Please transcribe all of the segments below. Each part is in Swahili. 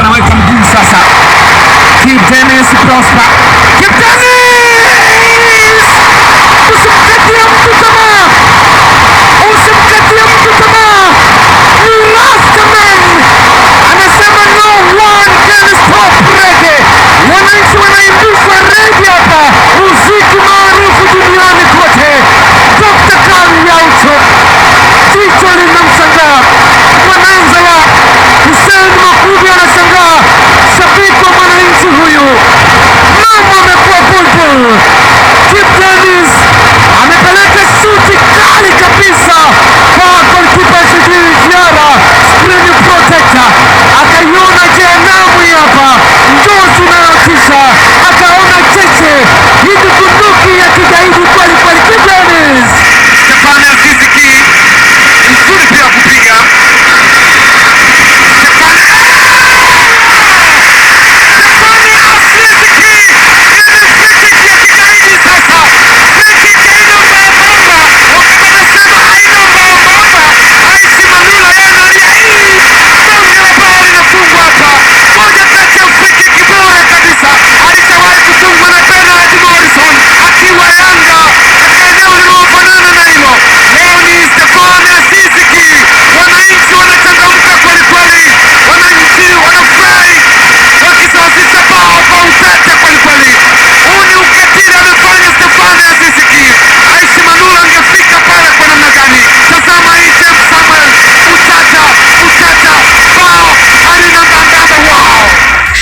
anaweka mguu sasa. Team Dennis Prosper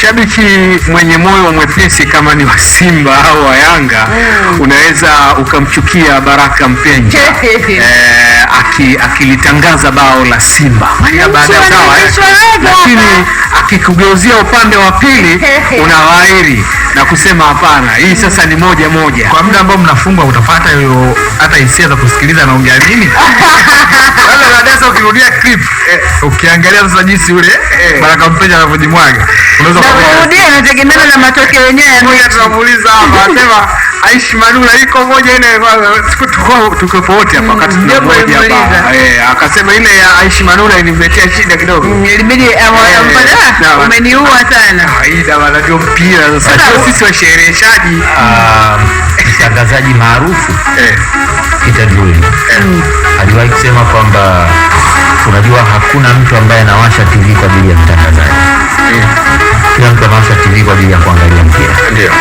Shabiki mwenye moyo mwepesi kama ni wa Simba au wa Yanga mm. unaweza ukamchukia Baraka Mpenja eh, aki, akilitangaza bao la Simba baada ya sawa, eh, lakini akikugeuzia upande wa pili unawaeri na kusema hapana, hii mm. sasa ni moja moja. Kwa muda ambao mnafungwa utapata hiyo hata hisia za kusikiliza anaongea nini Dasa ukirudia clip eh, ukiangalia sasa jinsi yule eh, Baraka Mpenja anavyojimwaga unaweza kurudia, inategemeana na matokeo yenyewe. Tunamuuliza hapa anasema Aishi Manula iko moja ile siku tuko tuko pote hapa wakati mm, tuna moja hapa. Eh, akasema ile ya Aishi Manula inimletea shida kidogo. Mm, ilibidi amwambia eh, eh, ah, umeniua ah, sana. Aida ah, dawa ndio mpira sasa. Sio sisi washereheshaji. Mtangazaji maarufu eh, Peter Dewey eh. aliwahi kusema kwamba unajua hakuna mtu ambaye anawasha TV kwa ajili ya mtangazaji. Eh. Kila mtu anawasha TV kwa ajili ya kuangalia mpira. Ndio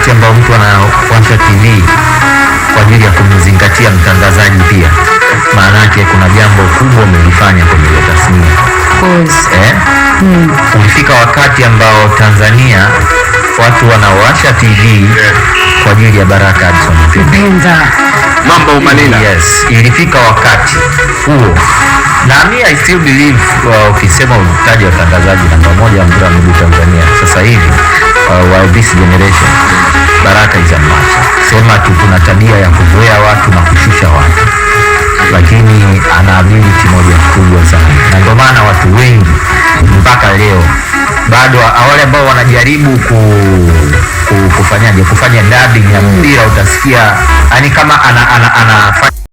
wakati ambao mtu anafuata TV kwa ajili ya kumzingatia mtangazaji pia, maana yake kuna jambo kubwa umelifanya kwenye ile tasnia eh? Mm. Ulifika wakati ambao Tanzania watu wanawasha TV kwa ajili ya Baraka Adson Mambo umalila. Yes, ilifika wakati huo na I still believe uh, ukisema utaji watangazaji namba moja mpira wa miguu Tanzania sasa hivi uh, wa this generation Baraka is a match. Sema tu kuna tabia ya kuzoea watu na kushusha watu, lakini ana ability moja kubwa sana, na ndio maana watu wengi mpaka leo bado wale ambao wanajaribu ku, ku, kufanyaje kufanya dubbing ya mpira utasikia yani kama anafanya ana, ana, ana